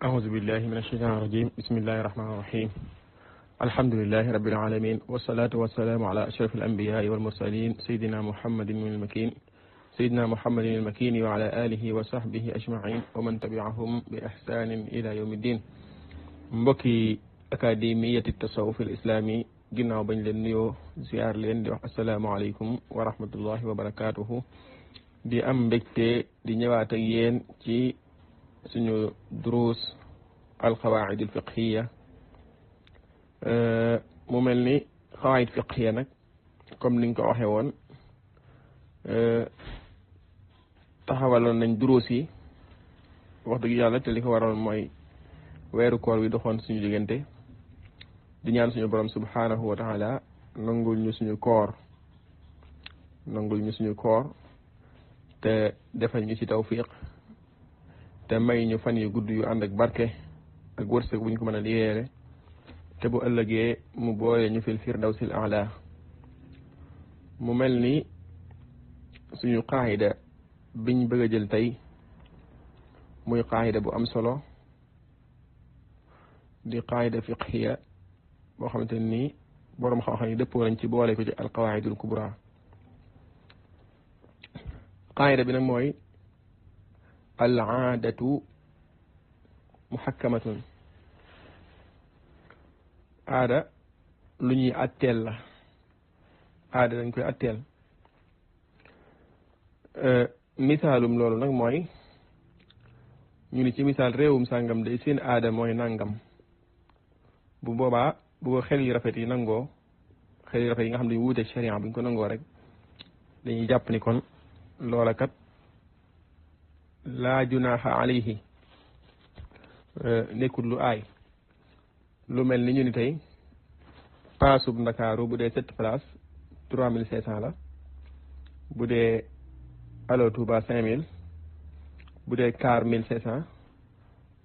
أعوذ بالله من الشيطان الرجيم بسم الله الرحمن الرحيم الحمد لله رب العالمين والصلاة والسلام على أشرف الأنبياء والمرسلين سيدنا محمد من المكين سيدنا محمد المكين وعلى آله وصحبه أجمعين ومن تبعهم بإحسان إلى يوم الدين مبكي أكاديمية التصوف الإسلامي ginnaaw وبين لنيو زيار ziar السلام عليكم ورحمة الله وبركاته دي أم بكتي دي نواتيين سنو دروس القواعد الفقهية آه، مملني قواعد فقهية نك كم نينك أحيوان آه، تحاولون نين دروسي وقت جي جالة تليك وارون موي ويرو كوالوي دخون سنو جيجنتي دنيان سنو برام سبحانه وتعالى نونغول ني سنو كور نونغول ني سنو كور te defal ñu ci te may ñu fan yu gudd yu ànd ak barke ak wërsëg bu ñu ko mën a liyeere te bu ëllëgee mu boole ñu fil firdawsil ala mu mel ni suñu qaayida biñ bëgg a jël tey muy qaayida bu am solo di qaayida fiqhiya boo xamante ni borom xam-xam yi dëppoo nañ ci boole ko ci alqawaidul kubra qaayida bi nag mooy alaadatu muhakkamatun aada lu ñuy atteel la aada dañ koy atteel euh, misaalum loolu nag mooy ñu ni ci misaal réewum sàngam day seen aada mooy nangam bu boobaa bu ko yu rafet yi nangoo xel yu rafet yi nga xam ne dañu wuuteeg sharia bu ñu ko nangoo rek dañuy jàpp ni kon loola kat laaju laa junaaha alayhi euh, nekkul lu aay lu mel ni ñu ni tey paasub ndakaaru bu dee sept place trois mille cinq cent la bu dee alo Touba cinq mille bu dee car mille cinq cent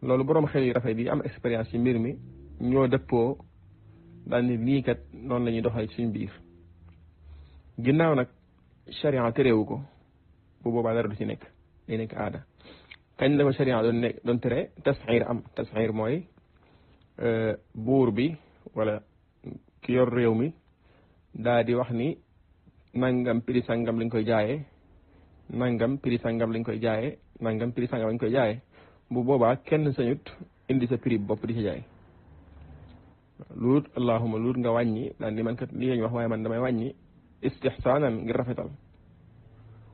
loolu boroom xel yu rafet yi am expérience ci mbir mi ñoo dëppoo daal ni lii kat noonu la ñuy doxal ci suñ biir ginnaaw nag charia terewu ko bu boobaa dara du ci nekk nekk aada kañ la ko sharia doon nekk doon tere tasxiir am tasxiir mooy buur bi wala ki yor réew mi daa di wax ni nangam prix sangam lañ koy jaayee nangam prix sangam lañ koy jaayee nangam prix sangam lañ koy jaayee bu boobaa kenn sañut indi sa prix bopp di ci jaay luut allahuma luut nga wàññi daan di man kat lii lañ wax waaye man damay wàññi istixsaanan ngir rafetal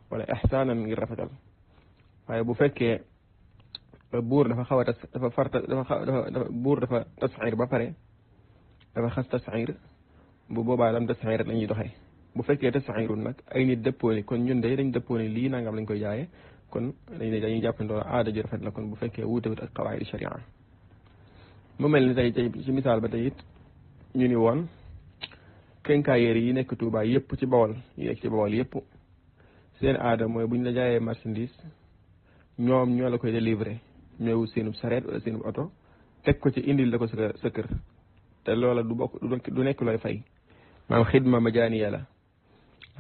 wala ixsaanan ngir rafetal waaye bu fekkee buur dafa xaw a dafa farta dafa xaw dafa buur dafa tasxiir ba pare dafa xas tasxiir bu boobaa lam tasxiir lañuy doxee bu fekkee tasxiirul nag ay nit dëppoo ne kon ñun day dañ dëppoo ne lii nangam lañ koy jaaye kon dañ dañuy jàppandoo aada ju rafet la kon bu fekkee wuutewut ak xawaayidi sharia mu mel ni tey tey ci misaal ba tey it ñu ni woon kenkaayeer yi nekk Tuubaa yëpp ci Bawol yi nekk ci Bawol yëpp seen aada mooy buñ la jaayee marchandise ñoom ñoo la koy délivrer ñooy wut seenub sareet wala seenub oto teg ko ci indil la ko sa sa kër te loola du bokk du nekk looy fay maanaam xidma majaaniya la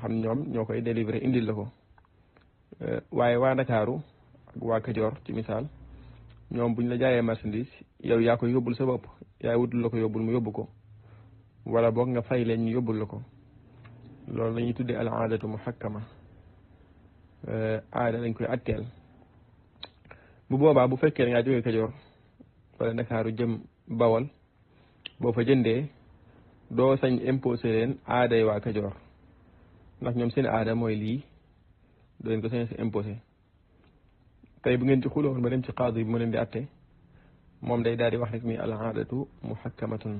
xam ñoom ñoo koy délivrer indil la ko eh, waaye waa Ndakaaru ak waa Kajoor ci misaal ñoom buñ la jaayee marchandise yow yaa koy yóbbul sa bopp yaa wutul la ko yóbbul mu yóbbu ko wala boog nga fay leen ñu yóbbul la ko loolu la ñuy tuddee al aadatu muhakkama eh, aada lañ koy atteel bu boobaa bu fekkee da ngaa jógee Kajoor wala Ndakaaru jëm Bawol boo fa jëndee doo sañ imposé leen aaday waa Kajoor ndax ñoom seen aada mooy lii doo leen ko sañ si imposé tey bu ngeen ci xuloon ma dem ci xaadu yi mu leen di atte moom day daal di wax rek ni al aadatu muhakkamatun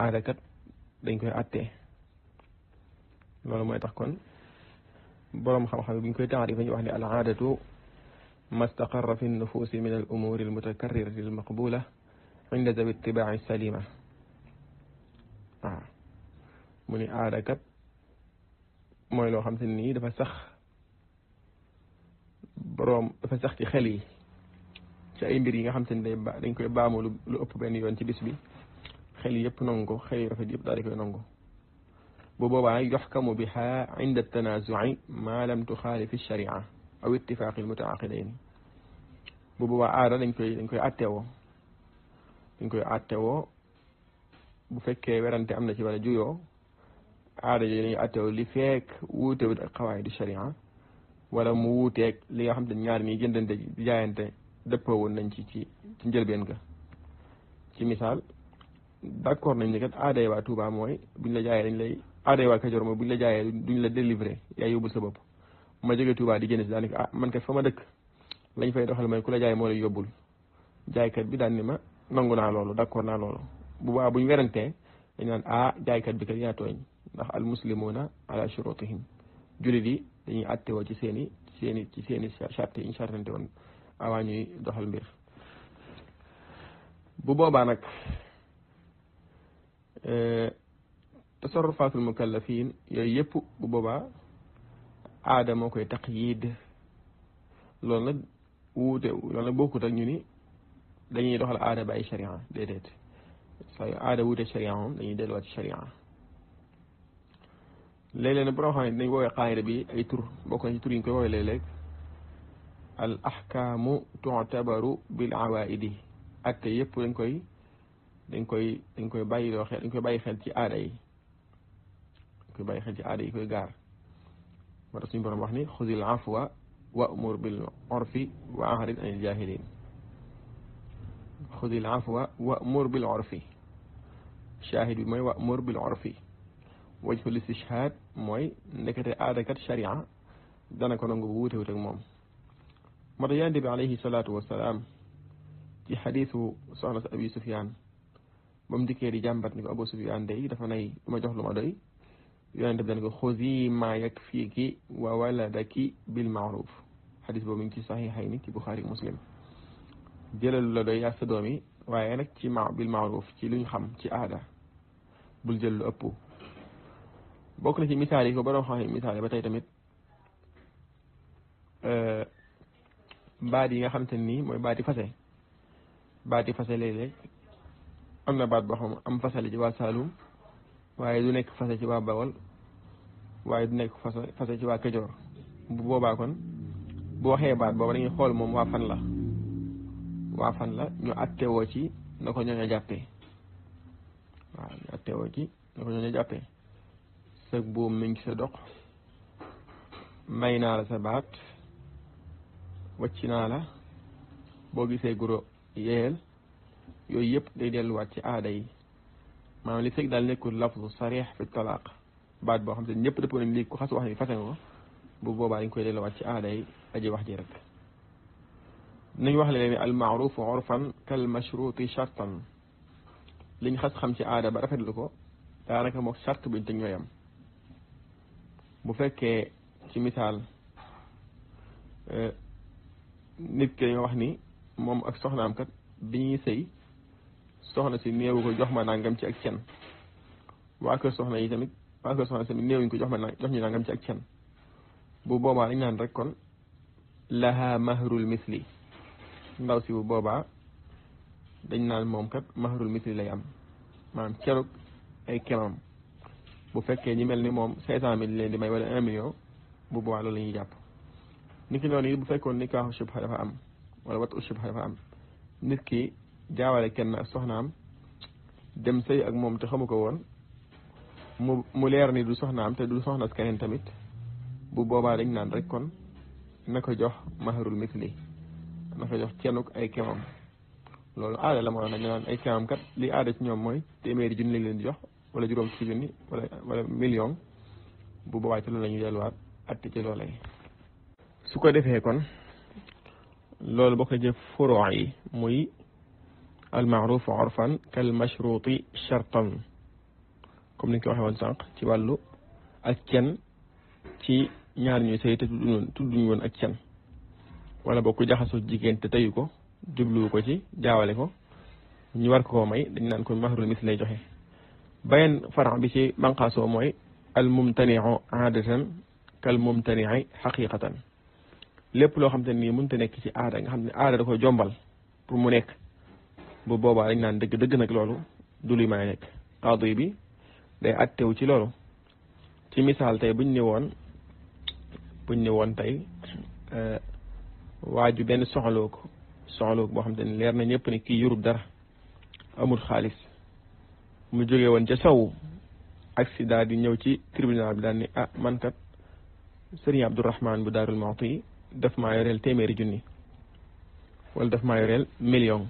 aadakat dañ koy attee loolu mooy tax kon boroom xam-xam bi bu ñu koy taarif dañuy wax ne al aadatu ما استقر في النفوس من الأمور المتكررة المقبولة عند ذوي الطباع السليمة من أعرق آه. مويلو خمس النية فسخ بروم فسخ تخلي شيء بريغا خمس النية دينك يبامو لأبو بني يونتي بس بي خلي يب نونغو خلي رفدي بطارك نونغو بوبا يحكم بها عند التنازع ما لم تخالف الشريعه aw ittifaaqil mutaaqidayn bu boobaa aada lañ koy dañ koy attewoo dañ koy attewoo bu fekkee werante am na ci wala juyoo aada yooyu dañuy attewoo li feek wuutewut ak xawaay di sharia wala mu wuuteeg li nga xam te ñaar ñi jëndante jaayante dëppoo woon nañ ci ci ci njëlbeen ga ci misaal d'accord nañ ne kat aaday waa Touba mooy buñ la jaayee dañ lay aaday waa Kajoor mooy buñ la jaayee duñ la délivrer yaay yóbbul sa bopp ma jëgé Touba di génn si daanaka ah man kat fama dëkk lañ fay doxal may kula jaay mo lay yobul jaay kat bi daan ni ma nangu naa loolu d'accord na lolu bu ba buñu wérante dañ nan ah jaay kat bi kat ya toñ ndax al muslimuna ala shurutihim julli di dañuy atté wo ci seen i seen ci seen charte in charte chartante woon ñuy doxal mbir bu boobaa nag tasarrufaatul mukallafin yooyu yëpp bu boobaa aada koy taqyid lool nak wute lool nak bokut ak ñuni dañuy doxal aada ay sharia dedet say yu wute sharia moom dañuy delu ci sharia leeg ne nag borom xam ne dinañ woowee qaayida bi ay tur bokk ci tur yi ñu koy woowee leeg al ahkam tu'tabaru bil awaaidi atte yëpp dañ koy dañ koy dañ koy bàyyi loo xel dañ koy bàyyi xel ci aada yi dañ koy bàyyi xel ci aada yi koy gar مرسين برام بحني خذ العفو وأمر بالعرف وأعرض عن الجاهلين خذ العفو وأمر بالعرف شاهد بمي وأمر بالعرف وجه الاستشهاد موي نكت آدكت شريعة دانا كنون قبوته وتقمم مريان دب عليه الصلاة والسلام ci xadiisu soxna si abi sufiyaan ba mu dikkee di jàmbat ni ko abu sufiyaan day dafa nay du ma jox lu ma doy yonente bi dan ko xusi ma yakfiiki wa waladaki bil maaruf xadis boobu ngi ci saxiixayni ci buxaari muslim jëlalu la doy ak sa waaye nag ci ma bil maaruf ci luñ xam ci aada bul jël lu ëpp bokk na ci misaal yi ko borom xam misaal ba tey tamit eh, baat yi nga xam te nii mooy baati fase baati fase léeg-léeg am na baat boo xam am fasale ci waa Saalum waaye du nekk fase ci waa Bawol waaye du nekk fase fase ci waa Kajoor bu boobaa kon bu waxee baat booba dañuy xool moom waa fan la waa fan la ñu attewoo ci na ko ñooñu jàppee waaw ñu attewoo ci sag boobu mi ngi sa dox may naa la sa baat wàcc naa la boo gisee guro yeel yooyu yëpp day delluwaat ci aada yi maanaam li fekk daal nekkul lafzu sarix fi talaaq baat boo xam te ñëpp dëppoo nañ lii ku xas wax ni fase nga bu boobaa dañ koy delluwaat ci aaday aji wax ji rek nañ wax leen ne al maaruf urfan kal mashruuti shartan liñ xas xam ci aada ba rafetlu ko daanaka moog charte buñ te ñooyam bu fekkee ci misaal nit ki dañoo wax ni moom ak soxnaam kat bi ñuy sëy soxna si néewu ko jox ma nangam ci ak cen waa kër soxna yi tamit waa kër soxna si tamit néewuñ ko jox ma jox ñu nangam ci ak cen bu boobaa dañ naan rek kon laha mahrul ndaw si bu boobaa dañ naan moom kat mahrul misli lay am maanaam keroog ay kemam bu fekkee ñi mel ni moom cinq cent leen di may wala un million bu boobaa loolu la ñuy jàpp nit ki noonu yi bu fekkoon nikaaxu shubha dafa am wala wat u shubha am nit ki jaawale kenn ak soxnaam dem sëy ak moom te xamu ko woon mu mu leer ni du soxnaam te du soxna keneen tamit bu boobaa dañ naan rek kon na ko jox maharul mitli na ko jox cenuk ay kemam loolu aada la moo nag ñu naan ay kemam kat li aada ci ñoom mooy téeméeri junni lañ leen di jox wala juróom fukki junni wala wala million bu boobaa ci loolu la ñu delluwaat atti ci loolee su ko defee kon loolu bokk na ci furoo yi muy almaaruf orfan kal mashruuti shartan comme ni ñu ko waxee woon sànq ci wàllu ak can ci ñaar ñu sëy te tudduñu woon ak can wala boo ku jaxasoo jigéen te teyu ko jubluwu ko ci jaawale ko ñu war ko may dañ naan ko mahrul mis lay joxe bayan farax bi ci banqaasoo mooy al mumtaniu aadatan kal mumtanii xaqiqatan lépp loo xam te nii te nekk ci aada nga xam ne aada da ko jombal pour mu nekk bu boobaa dañ naan dëgg dëgg nag loolu du luy may nekk qaadi bi day attewu ci loolu ci misaal tey buñ ne woon buñ ne woon tey euh, waaju benn soxla ko boo xam ne leer na ñëpp ne kii yurub dara amul xaalis mu jóge woon ca saw accident di ñëw ci tribunal bi daan ni ah man kat sëriñ Abdourahman bu Daarul Muxti daf maa yoreel téeméeri junni wala daf maa yoreel million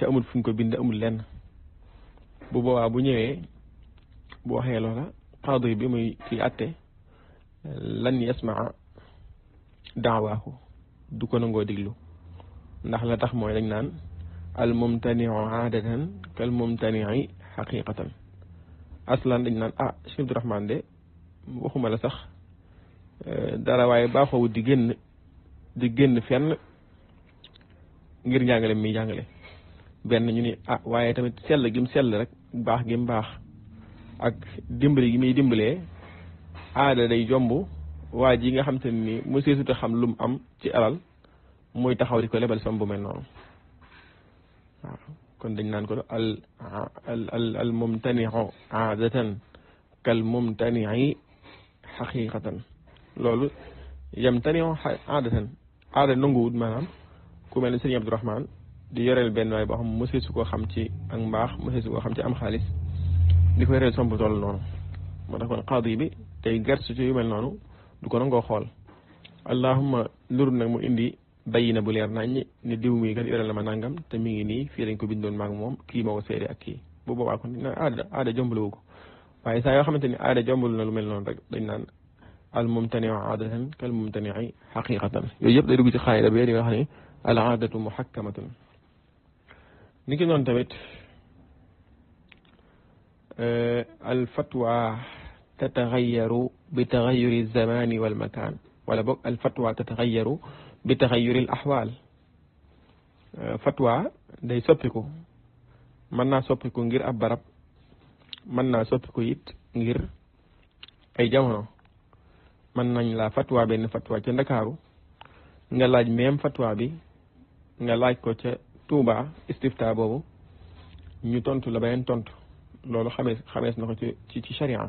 ca amul fu mu ko bind amul lenn bu boobaa bu ñëwee bu waxee loola qaadi bi muy kii àtte lan yasmaa daawaahu du ko nangoo diglu ndax la tax mooy dañ naan al mumtaniu aadatan kal mumtanii xaqiqatan aslan dañ naan ah Cheikh Abdourahmane de waxuma la sax eh, dara waaye baaxoowu di génn di génn fenn ngir njàngale mi jàngale benn ñu ni ah waaye tamit sell gi mu sell rek baax gi baax ak dimbali gi muy dimbalee aada day jomb waa ji nga xam te ni nii mu seesuta xam lu am ci alal muy taxaw di ko lebal sam noonu kon dañ naan ko al al al mumtaniu aadatan kal mumtanii xaqiqatan loolu yamtaniu aadatan aada nanguwut maanaam ku mel ne sëriñ Abdourahman di yoreel benn waay boo xam mësee su ko xam ci ak mbaax mësee su ko xam ci am xaalis di ko yoreel somb toll noonu moo tax kon qaadi bi tey gersu ci yu mel noonu du ko nangoo xool allahumma nuru nag mu indi bayina bu leer nañ ni diw mi kat yoreel na ma nangam te mi ngi nii fii lañ ko bindoon maag moom kii moo ko seede ak kii bu boobaa kon na aada aada jombaluwu ko waaye saa yoo xamante ni aada jombalu na lu mel noonu rek dañ naan al mumtaniu aadatan kal mumtanii xaqiqatan yooyu yëpp day dugg ci xaayira bee di nga xam ne al aadatu muhakkamatun ni ki noonu tamit eh, al fatwa tatagayaru bi zamani wala boog al fatwa bi tagayuri al axwaal eh, fatwa day soppiku mën naa soppiku ngir ab barab mën naa soppiku it ngir ay jamono mën nañ la fatwa benn fatwa ca ndakaaru nga laaj même fatwa bi nga laaj ko ca Touba istifta boobu ñu tontu la beneen tontu loolu xamee xamees na ko ci ci ci charia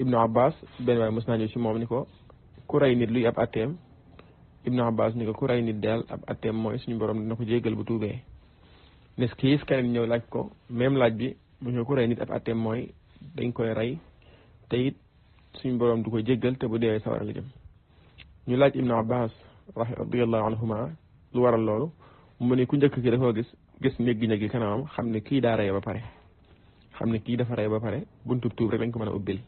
Ibnu Abbas benn waay mos naa ñëw ci moom ni ko ku rey nit luy ab atteem Ibnu Abbas ni ko ku rey nit daal ab atteem mooy suñu borom dina ko jéggal bu tuubee nes kiis keneen ñëw laaj ko même laaj bi mu ko ku rey nit ab atteem mooy dañ koy rey te it suñu borom du ko jéggal te bu deewee sawara la jëm ñu laaj Ibnu Abbas radiyallahu anhuma lu waral loolu mune ku ndeuk ki dafa gis gis néeg gi ñagi kanamam xam ne kii daa rey ba pare xamne ki dafa ray ba pare buntu tuub rek lañ ko mën ubbil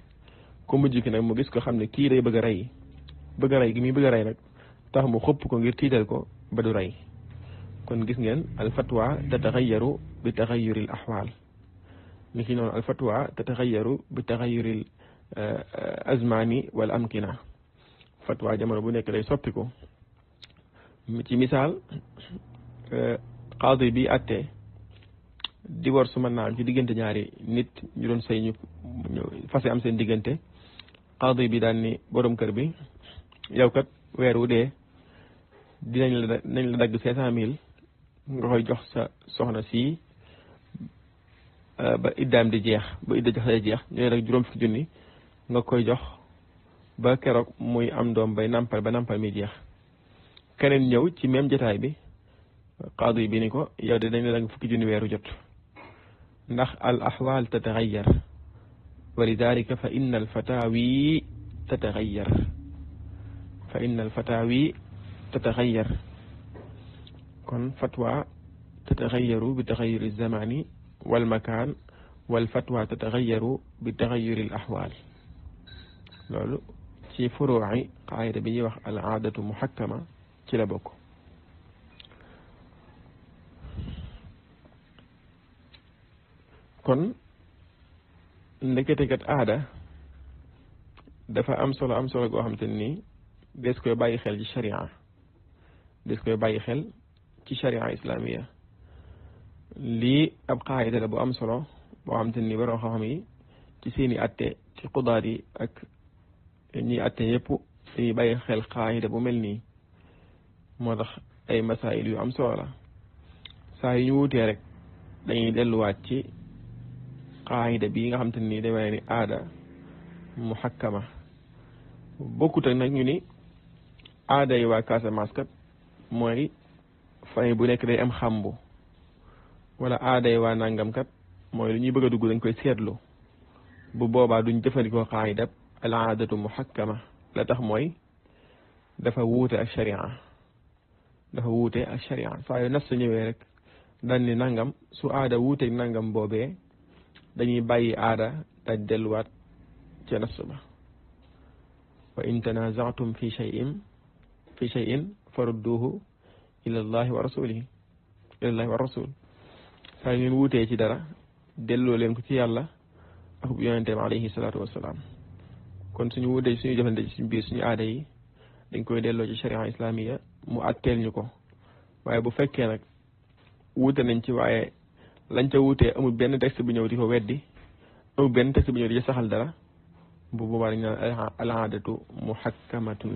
ko mujj ki nak mu gis ko xamne ki ray day ray a ray gi mi bëgg ray nak tax mu xop ko ngir tiital ko ba du ray kon gis ngeen al fatwa tatagayaru bi taghayyuri al ahwal ni ki non al fatwa tatagayaru bi taghayyuri al azmani wal amkina fatwa jamono bu nek lay soppiko ci misal Euh, xaadi bi àttee di war naa am ci diggante ñaari nit ñu doon sëy ñu fase am seen diggante xaadi bi daan ni borom kër bi yow kat weer wu dee dinañ la dinañ la dagg cinq cent mille nga koy jox sa soxna si euh, ba iddaam di jeex ba idda jox say jeex ñooy rek juróom fukki junni nga koy jox ba keroog muy am doom bay nàmpal ba nàmpal mi jeex keneen ñëw ci même jotaay bi قاضي بينكو يا دنيا لان فكي جوني ويرو جوت نخ الأحوال تتغير ولذلك فإن الفتاوي تتغير فإن الفتاوي تتغير كون فتوى تتغير بتغير الزمان والمكان والفتوى تتغير بتغير الأحوال لولو في فروع قاعدة بيوخ العادة محكمة كلا بوكو kon ndeketekat aada dafa am solo am solo goo xam te nii des koy bàyyi xel ci sharia des koy bàyyi xel ci sharia islamiya lii ab xaayida la bu am solo boo xam te ni waroo xam yi ci seeni atte ci xudaat yi ak ñiy atte yëpp dañuy bàyyi xel xaayida bu mel nii moo tax ay masaayil yu am solo la saa yu ñu wutee rek dañuy delluwaat ci qaayida bii nga xam te nii demee ni aada muhakkama bokkut ak nag ñu ni aada yi waa Casamance kat mooy famille bu nekk day am xambu wala aada yi waa nangam kat mooy lu ñuy bëgg a dugg dañ koy seetlu bu boobaa duñ jëfandikoo qaayida al aadatu muhakkama la tax mooy dafa wuute ak sharia dafa wuute ak sharia saa yu nas ñëwee rek daan ni nangam su aada wuuteeg nangam boobee dañuy bàyyi aada dañ delluwaat ca nas ba wa in tanazatum fi cheyin fi cheyin farudduhu ilallahi wa rasulihi ilallahi wa rasul saa ngeen ci dara delloo leen ko ci yàlla ak bu yonenteem alayhi salaatu wasalaam kon suñu wuutee suñu jëfante ci suñu biir suñu aada yi dañ koy delloo ci sharia islamiya mu atteel ñu ko waaye bu fekkee nag wuute nañ waaye lañ ca wutee amul benn texte bi ñëw di ko weddi amul benn texte bi ñëw di saxal dara bu boobaa dañ naan alaadatu muhakkamatun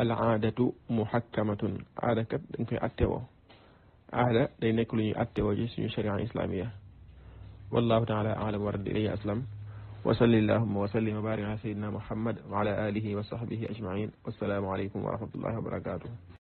alaadatu muhakkamatun aada kat dañ koy attewoo aada day nekk lu ñuy attewoo ci suñu sharia islamiya wallahu taala alam wa radi ilayhi aslam wa salli allahuma wa sallim wa barik ala sayidina muhammad wa ala alihi wa sahbihi ajmain wassalaamu aleykum wa rahmatullahi wa barakatuh